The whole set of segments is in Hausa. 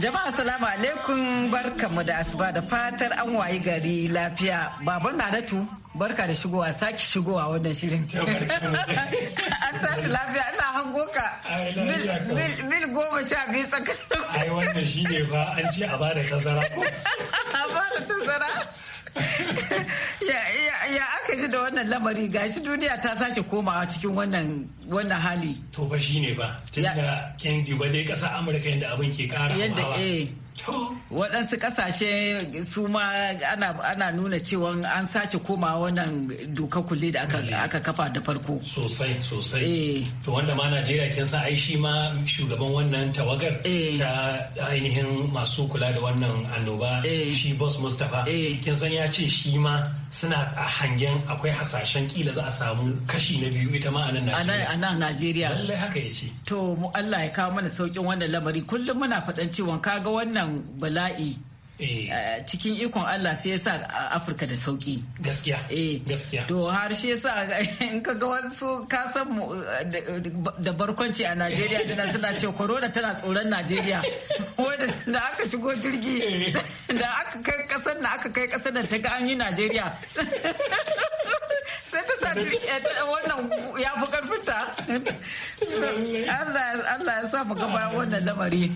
Jama'a salamu alaikum barkamu da asuba da fatar an wayi gari lafiya. Baban Nanatu barka da shigowa sake shigowa wannan shirin. An tashi lafiya ina hango ka mil goma sha biyu tsakanin. Ai wannan shi ne ba an ce a bada tazara. A bada tazara. aka ji da wannan lamari gashi duniya ta sake komawa cikin wannan wannan hali to ba shi ne ba tunda kin duba dai kasa amurka yadda abin ke kara yadda waɗansu ƙasashe su ma ana nuna cewa an sake koma wannan doka kulle da aka kafa da farko sosai sosai eh. to wanda ma najeriya kin sa ai shi ma shugaban wannan tawagar eh. ta ainihin masu kula da wannan annoba eh. shi boss mustapha kin san ya ce shi ma suna a hangen akwai hasashen kila za a samu kashi na biyu ita ma a nan Najeriya. A Najeriya. Lallai haka ya ce. To mu Allah ya kawo mana saukin wannan lamari kullum muna faɗan cewa kaga wannan wannan bala'i eh. Eh, cikin ikon Allah sai ya sa Afirka da sauki. Gaskiya. Eh. Gaskiya. To har shi yasa in ka ga wasu ka san da barkwanci a Najeriya tana suna ce corona tana tsoron Najeriya. Wanda da aka shigo jirgi da aka kai kasar da aka kai kasar da ta ga an yi Najeriya. Sai ta sa wannan ya fi karfinta. Allah ya sa mu gaba wannan lamari.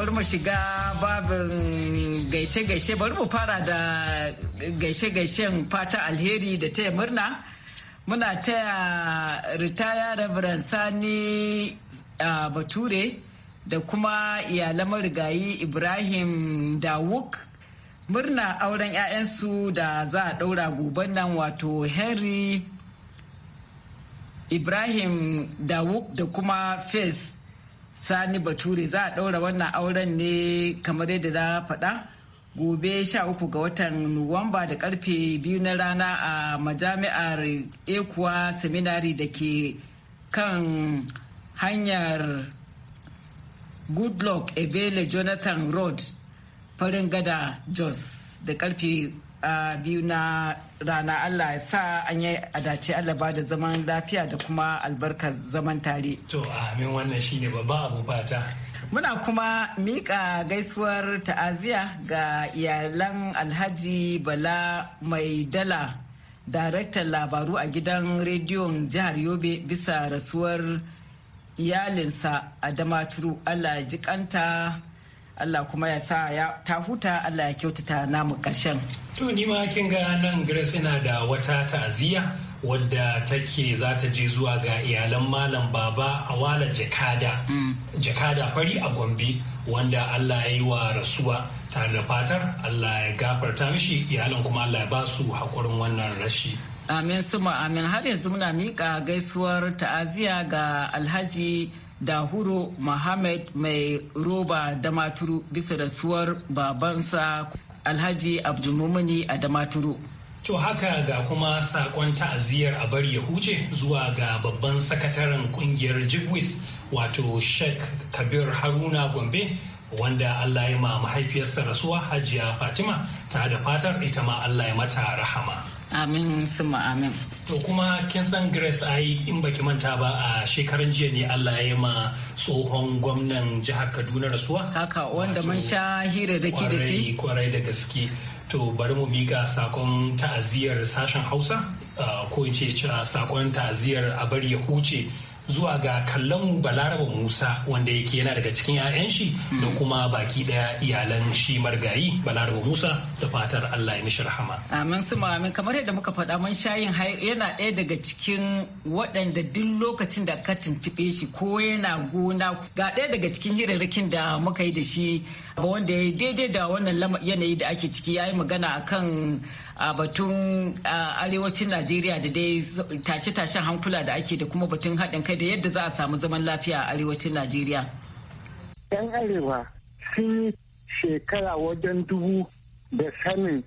bari mu shiga babin gaishe-gaishe bari mu fara da gaishe-gaishen fata alheri da taya murna muna taya ritaya reverend sani bature da kuma iyalan marigayi ibrahim dawuk murna auren 'ya'yansu da za a ɗaura goben nan wato henry ibrahim dawuk da kuma faith sani bature za a ɗaura wannan auren ne kamar yadda na faɗa gobe sha uku ga watan nuwamba da karfe biyu na rana a majami'ar ekuwa seminary da ke kan hanyar goodluck ebele jonathan road farin gada jos da karfe biyu na rana Allah ya sa an yi a dace Allah ba da zaman lafiya da kuma albarkar zaman tare. To amin wannan shine babba abu fata. Muna kuma miƙa gaisuwar ta'aziya ga iyalan Alhaji Bala Mai Dala, daraktan labaru a gidan rediyon jihar Yobe bisa rasuwar iyalinsa a Damaturu Allah ya ji kanta Allah kuma ya sa ya ta huta Allah ya kyautata namu karshen. To ni ma kin ga nan Grace yana da wata ta'aziyya wadda take za ta je zuwa ga iyalan malam baba a wala jakada mm. jakada fari a gombe wanda allah ya yi wa rasuwa tare da fatar allah ya gafarta mishi iyalan kuma allah ya ba su hakurin wannan rashi amin suma amin har yanzu muna miƙa gaisuwar ta'aziya ga alhaji da dahuro mohammed mai roba damaturu bisa rasuwar babansa alhaji abdulmumini a damaturu To haka ga kuma sakon ta'aziyar a bari ya huce zuwa ga babban sakataren kungiyar Jigwis wato Sheikh Kabir Haruna Gombe wanda Allah ya ma mahaifiyarsa rasuwa Hajiya Fatima ta da fatar ita ma Allah ya mata rahama. Amin summa amin. To kuma kin san Grace ai in baki manta ba a shekaran jiya ne Allah ya ma tsohon gwamnan jihar Kaduna rasuwa. Haka wanda mun sha hira da ki da shi. Kwarai da gaske. To bari mu miƙa sakon ta'aziyar sashen Hausa ko in ce sakon ta'aziyar a bari ya huce zuwa ga kallon balaraba musa wanda yake yana daga cikin 'ya'yan shi da hmm. kuma baki daya iyalan shi margayi balaraba musa da fatar allah ya mishi rahama amin su amin kamar yadda muka faɗa man shayin yana ɗaya daga cikin waɗanda duk lokacin da ka tuntuɓe shi ko yana gona ga ɗaya daga cikin hirarrakin da muka yi da shi Ba wanda ya daidai da wannan yanayi da ake ciki ya yi magana akan a batun arewacin najeriya da dai tashe-tashen hankula da ake da kuma batun haɗin kai da yadda za a samu zaman lafiya a arewacin najeriya yan arewa sun yi shekara wajen dubu da sanin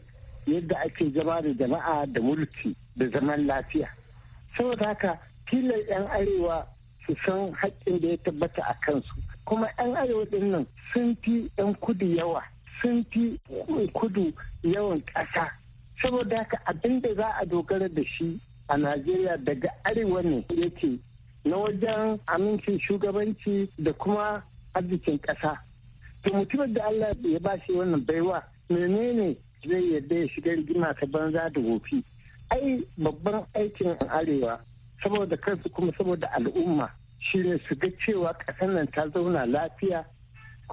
yadda ake zama da jama'a da mulki da zaman lafiya saboda haka kila yan arewa su san haƙƙin da ya tabbata a kansu kuma yan arewa ɗin nan sun fi yan kudu yawa sun fi kudu yawan ƙasa saboda haka abin da za a dogara da shi a najeriya daga arewa ne yake na wajen amincin shugabanci da kuma arzikin ƙasa to mutumin da allah ya ba shi wannan baiwa menene zai yarda ya shiga rigima ta banza da wofi ai babban aikin arewa saboda kansu kuma saboda al'umma shine su ga cewa ƙasar nan ta zauna lafiya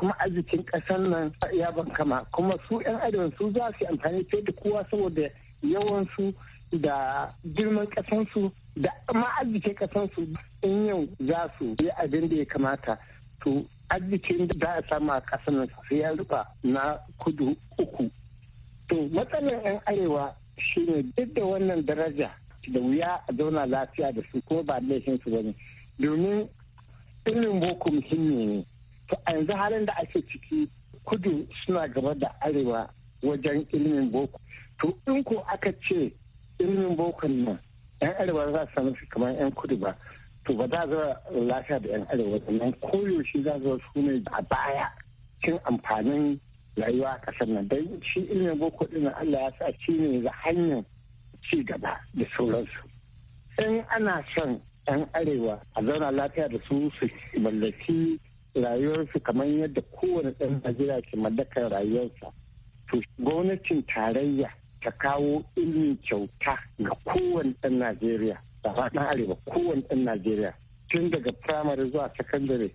kuma arzikin ƙasar nan ya bankama kuma su 'yan arewa su za su amfani fiye da kowa saboda yawan su da girman su da ma arzikin su in yau za su yi abin da ya kamata to arzikin da a samu a ƙasar nan su ya rufa na kudu uku to matsalar 'yan arewa shi ne duk da wannan daraja da wuya a zauna lafiya da su kuma ba laifin su bane domin ilimin boko muhimmi ne to a yanzu halin da ake ciki kudu suna gaba da arewa wajen ilimin boko to in ko aka ce ilimin bokon nan yan arewa za su samu kamar yan kudu ba to ba za zuwa lafiya da yan arewa sannan koyaushe za zuwa su ne a baya cin amfanin rayuwa a kasar nan don shi ilimin boko din Allah ya sa shi ne da hanyar ci gaba da sauransu in ana son yan arewa a zauna lafiya da su su mallaki rayuwarsu kamar yadda kowane ɗan Najeriya ke mallakar rayuwarsa. To gwamnatin tarayya ta kawo ilimin kyauta ga kowane ɗan Najeriya da faɗin arewa kowane ɗan Najeriya tun daga firamare zuwa sakandare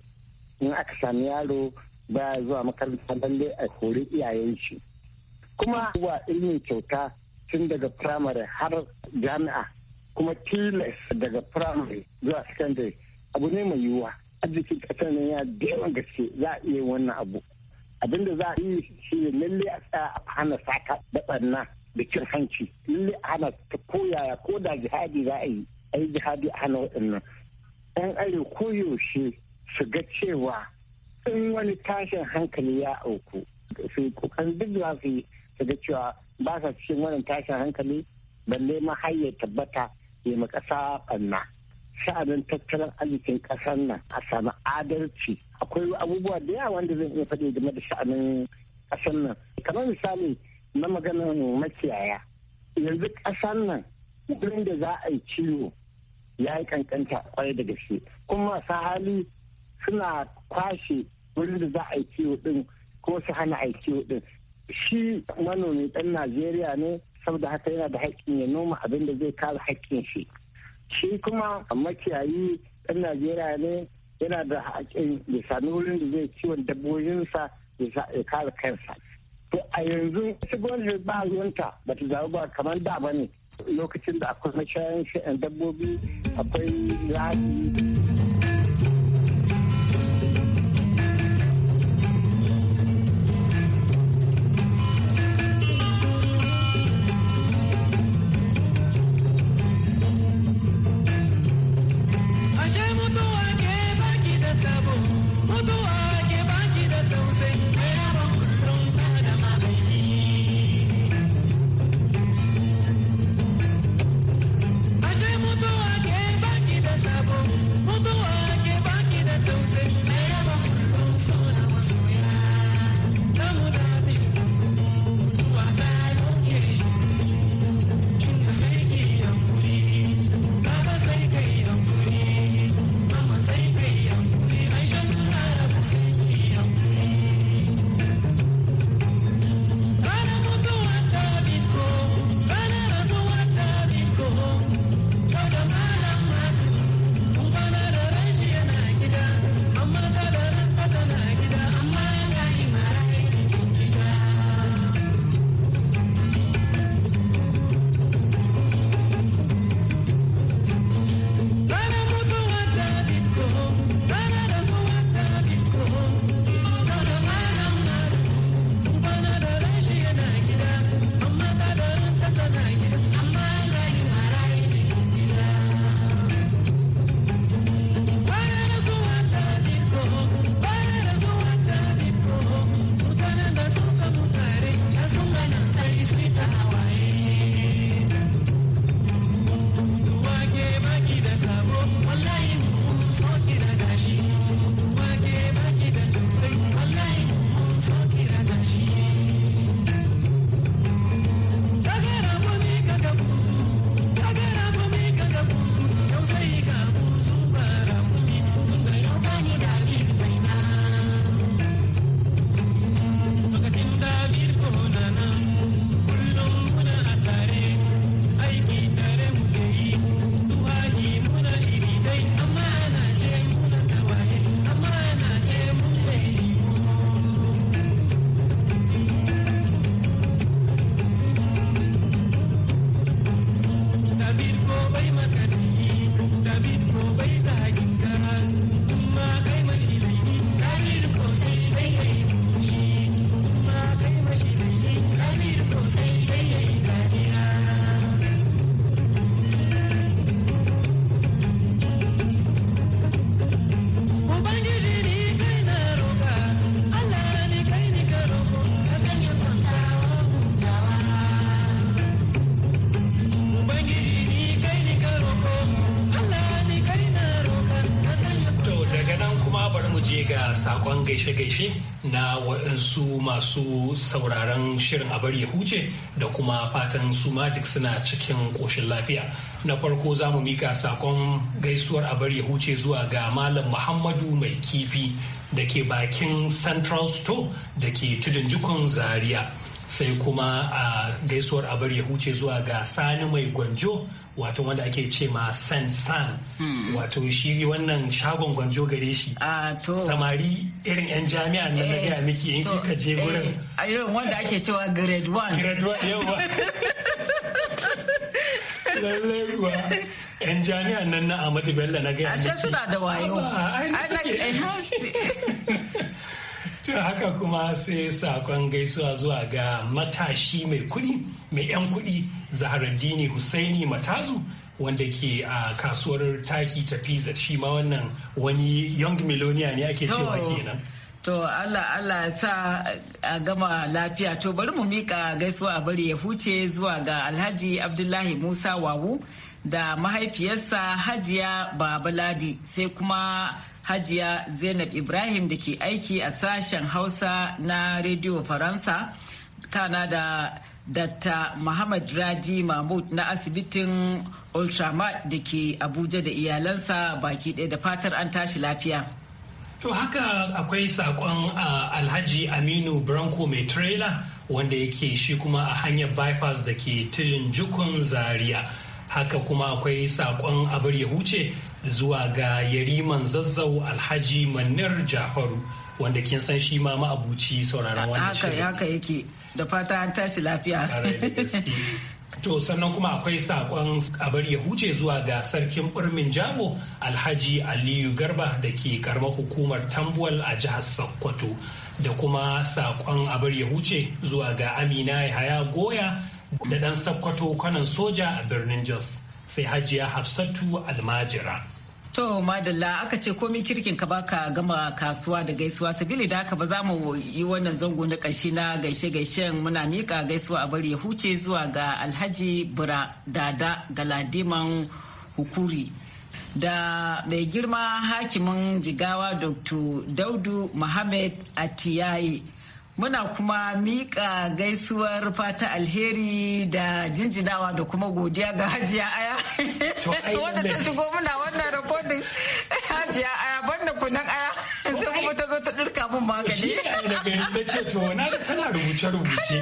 in aka sami yaro baya zuwa makaranta lalle a kori iyayen shi. Kuma zuwa ilimin kyauta tun daga firamare har jami'a kuma tilas daga firamare zuwa sakandare abu ne mai yiwuwa arzikin kasar nan ya da gaske za a iya wannan abu abinda za a yi shi ne lalle a tsaya a hana saka da ɓanna da cin hanci lalle a hana ta koyaya ko da jihadi za a yi a yi jihadi a hana waɗannan ɗan are koyaushe shiga cewa in wani tashin hankali ya auku su yi kokarin duk za su yi su cewa ba sa cikin wannan tashin hankali balle ma har ya tabbata ya ma ƙasa ɓanna. sha'anin tattalin arzikin ƙasar nan a sami adalci akwai abubuwa da yawa wanda zan iya faɗi game da sha'anin ƙasar nan kamar misali na maganar makiyaya yanzu ƙasar nan wurin da za a yi ciwo ya yi kankanta kwarai da gaske kuma sahali hali suna kwashe wurin da za a yi ciwo din ko su hana a yi ciwo din shi manomi dan najeriya ne saboda haka yana da haƙƙin ya noma abin da zai kare haƙƙin shi shi kuma makiyayi ɗan najeriya ne yana da haƙin ya sami wurin da zai ciwon dabbobinsa ya kare kansa to a yanzu su gwamnati ba ruwanta ba ta zaɓi ba kamar da ba ne lokacin da akwai mashayan eh, dabbobi akwai zaɓi su masu sauraron shirin a bari huce da kuma fatan su ma duk suna cikin koshin lafiya na farko za mu mika sakon gaisuwar a bari huce zuwa ga malam muhammadu mai kifi da ke bakin central store da ke tudun jikun zaria sai kuma a gaisuwar abar ya huce zuwa ga sani mai gwanjo wato wanda ake ce ma san san hmm. wato shi wannan shagon gwanjo gare shi samari irin yan jami'a na na eh, gaya miki Yanki ka je gurin eh, irin wanda ake cewa grade 1 grade 1 yawa lallai kuwa yan jami'an nan na Amadu Bello na gaya miki ashe suna da wayo suke eh, haka kuma sai sakon gaisuwa zuwa ga matashi mai kuɗi mai 'yan kuɗi zaharaddini husaini matazu wanda ke a kasuwar taki ta pizza shi ma wannan wani young millionaire ne ake cewa oh. kenan to allah allah sa a gama lafiya to bari mu mika gaisuwa bari ya huce zuwa ga alhaji abdullahi musa wawu da mahaifiyarsa hajiya babaladi sai kuma Hajiya Zainab Ibrahim da ke aiki a sashen Hausa na Radio Faransa, kana da Dr. Muhammad Raji Mahmud na asibitin Ultramat da ke Abuja da iyalansa baki ɗaya da fatar an tashi lafiya. To haka akwai saƙon ah, Alhaji Aminu Branko mai trailer wanda yake shi kuma a hanyar bypass da ke tijin jukun zaria. haka kuma akwai sakon abar ya huce zuwa ga yariman zazzau alhaji manir jafaru wanda kin san shi ma ma'abuci sauraron wannan shirin haka yake da fata an tashi lafiya to sannan kuma akwai sakon abar ya huce zuwa ga sarkin birnin jago alhaji aliyu garba da ke karamar hukumar tambuwal a jihar sokoto da kuma sakon abar ya huce zuwa ga amina yahaya goya da dan sokoto kwanan soja a birnin jos sai hajiya hafsatu almajira To madalla aka ce komi kirkin ka baka gama kasuwa da gaisuwa sabili da haka ba za mu yi wannan zango na ƙarshe na gaishe-gaishen muna mika gaisuwa a bari ya huce zuwa ga Alhaji Bura Dada Galadiman Hukuri da mai girma hakimin jigawa Dr. Daudu Muhammad Atiyaye Muna kuma mika gaisuwar fata alheri da jinjinawa da kuma godiya ga hajiya aya. Wanda ta shigo muna wannan rikodin hajiya aya banda kunan aya. Sai kuma ta zo ta ɗirka mun magani. Shi ne da gani na ce to na tana rubuce-rubuce.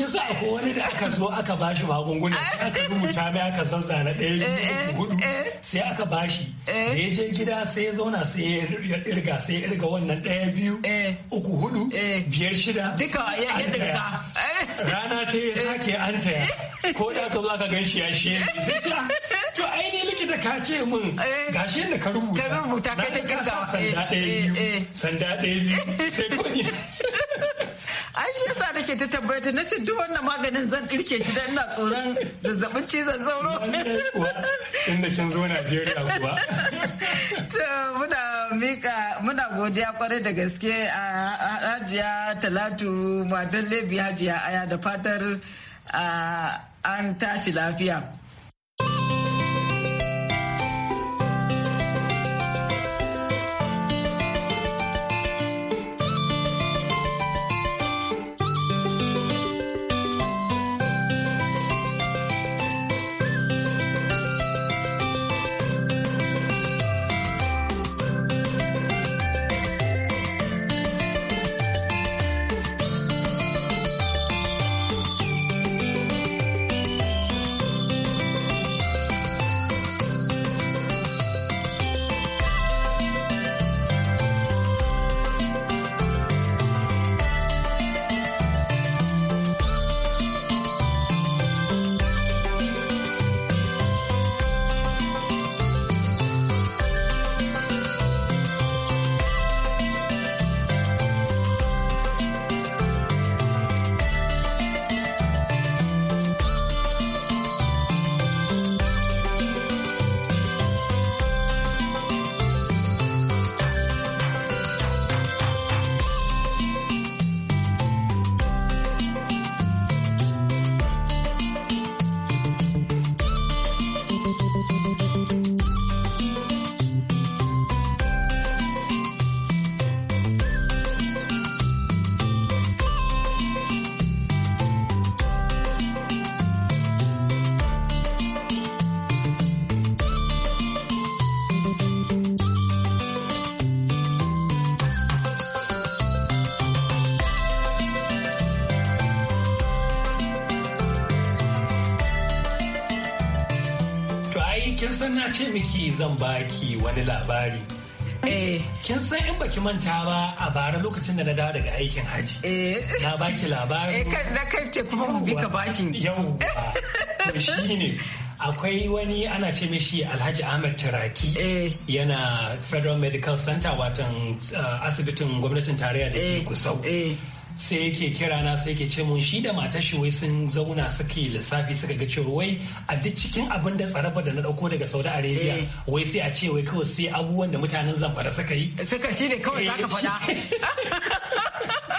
kin sa akwai wani da aka zo aka bashi magunguna aka rubuta mai aka zazzana ɗaya biyu eh, eh, hudu eh. sai aka bashi da ya je gida sai ya zauna sai ya irga sai ya irga wannan ɗaya biyu uku hudu biyar shida duka ya irga rana ta ya sake an taya ko da ka zo aka gan shi ya shi sai ta ah, to ai ne likita ka ce min gashi da ka rubuta ka rubuta ka ta sanda ɗaya biyu sanda ɗaya biyu sai ko ake ta tabbata na ce duk wannan maganin zan ɗirke shi dan ina tsoron zazzabin cizon sauro inda kin zo Najeriya kuwa to muna mika muna godiya kwarai da gaske a Hajiya Talatu matan Lebi Hajiya Aya da fatar an tashi lafiya ce miki zan baki wani labari Eh, kin san in baki manta ba a bara lokacin da na dawo daga aikin haji. Eh, na baki labari. Eh, kan na kai te kuma mu bika bashin. Yau. To shine akwai wani ana ce mishi Alhaji Ahmed Turaki. Eh. Yana Federal Medical Center watan eh, asibitin gwamnatin tarayya da ke Kusau. Eh. sai yake kira na sai yake ce mun shi da matar shi wai sun zauna suka yi lissafi suka ga cewa wai a duk cikin abin da tsaraba da na dauko daga Saudi Arabia eh. wai sai a ce wai kawai sai abubuwan da mutanen Zamfara suka yi suka shi ne kawai zaka eh. faɗa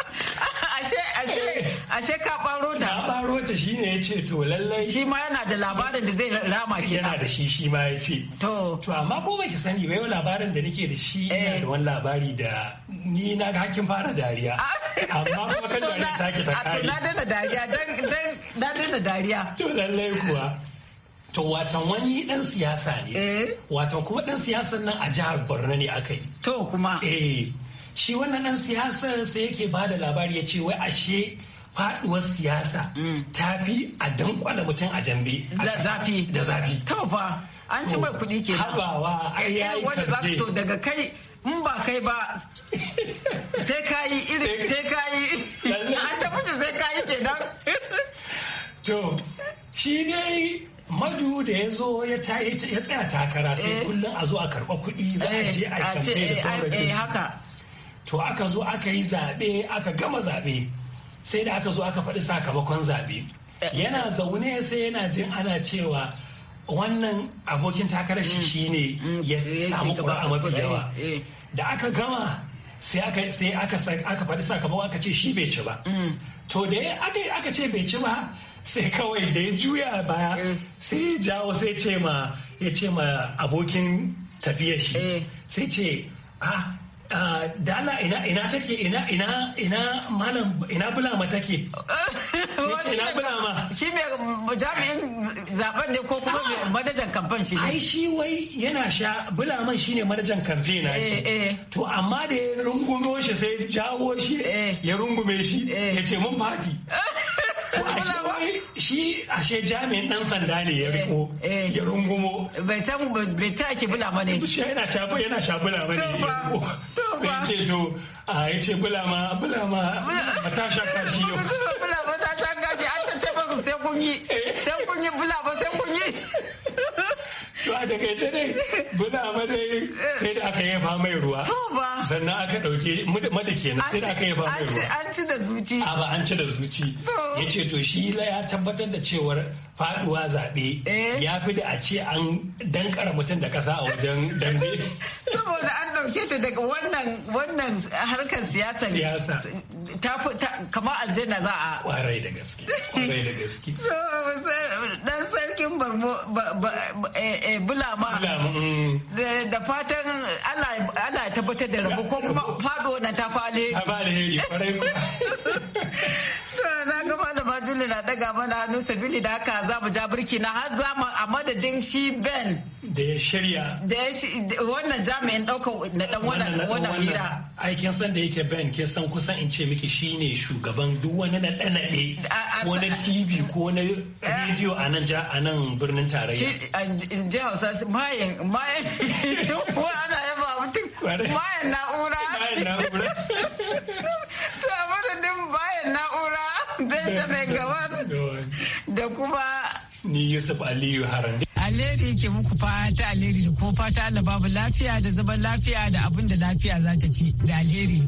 ashe ashe ashe ka baro ta na baro ta shine ya ce to lallai shi ma yana da labarin da zai rama ke yana da shi shi ma ya ce to to amma ko baki sani ba yau labarin da nake da shi yana eh. da wani labari da ni na ga hakin fara dariya ah. amma kuma kan dariya ta ke ta kare na dana dariya dan na dana dariya to lallai kuwa to watan wani dan siyasa ne eh. watan kuma dan siyasan nan a jihar Borno ne aka yi to kuma eh shi wannan dan siyasar sai yake ba da labari ya ce wai ashe faduwar siyasa mm. ta fi a dankwala mutum a dambe da zafi da zafi to fa an ci mai kuɗi ke habawa ai yayi wanda za su so daga kai in ba kai ba sai ka yi irin sai ka yi an tabbata sai ka yi kenan to shi ne madu da ya zo ya tsaya takara sai eh. kullum a zo a karɓa kuɗi za a je a eh, kamfe da eh, sauran to aka zo aka yi zaɓe aka gama zaɓe sai da aka zo aka faɗi sakamakon zaɓe yana zaune sai yana jin ana cewa wannan abokin takarar shi mm. ne mm. ya eh, samu a mafi eh, yawa eh. da aka gama sai aka sai aka aka faɗi sakamakon aka ce shi bai ci ba mm. to da aka aka ce bai ci ba sai kawai da ya juya baya sai ya jawo sai ce ma ya ce ma abokin tafiya shi sai ce ah Eh, Dala ina ina take ina ina ina malam ina bulama take ina bulama shi me jami'in zaben ne ko kuma manajan kamfen shi ai shi wai yana sha bulaman shine manajan kamfe na shi eh, eh. to amma da ya rungume shi sai jawo shi ya rungume shi ya ce mun fati shi ashe jami'in dan sanda ne ya riko eh, eh. ya rungumo bai san bai ci ake bula ma ne yana shabu yana shabula ma ne sai ce to a ya bula ma bula ma ta sha kashi yau bula ma ta sha kashi an ta ce ba sai kun yi eh. sai kun yi bula ba sai kun yi to a takaice dai muna madai sai da aka yaba mai ruwa sannan aka dauke mada kenan sai da aka yaba mai ruwa an ci da zuci a ba an ci da zuci ya ce to shi ya tabbatar da cewar faduwa zaɓe eh? ya fi da a ce an dankara mutum da ƙasa a wajen dambe. Saboda an ɗauke ta daga wannan harkar siyasa. Siyasa. Kamar aljanna za a. Kwarai da gaske. Kwarai da gaske. Dan sarkin barbo eh, eh, bulama. Mm. Da fatan Allah ya tabbatar da rabu ko kuma faduwa na ta fale. Ta fale kwarai Sani na daga mana hannu sabili da haka za mu ja birki na har za mu a madadin shi Ben. Da ya shirya. Da ya wannan jami'in ɗaukar na ɗan wannan hira. Aikin san da yake Ben ke san kusan in ce miki shine shugaban duk wani na ɗanaɗe ko na TV ko na rediyo a nan birnin tarayya. Jihar Sassi mayan mayan ko ana yaba mutum mayan na'ura. Mayan na'ura. bayan na'ura. benjamin gawar da kuma ni yusuf aliyu haram alheri ke muku fata alheri da kuma fata allah babu lafiya da zaman lafiya da abin da lafiya za ta ci da alheri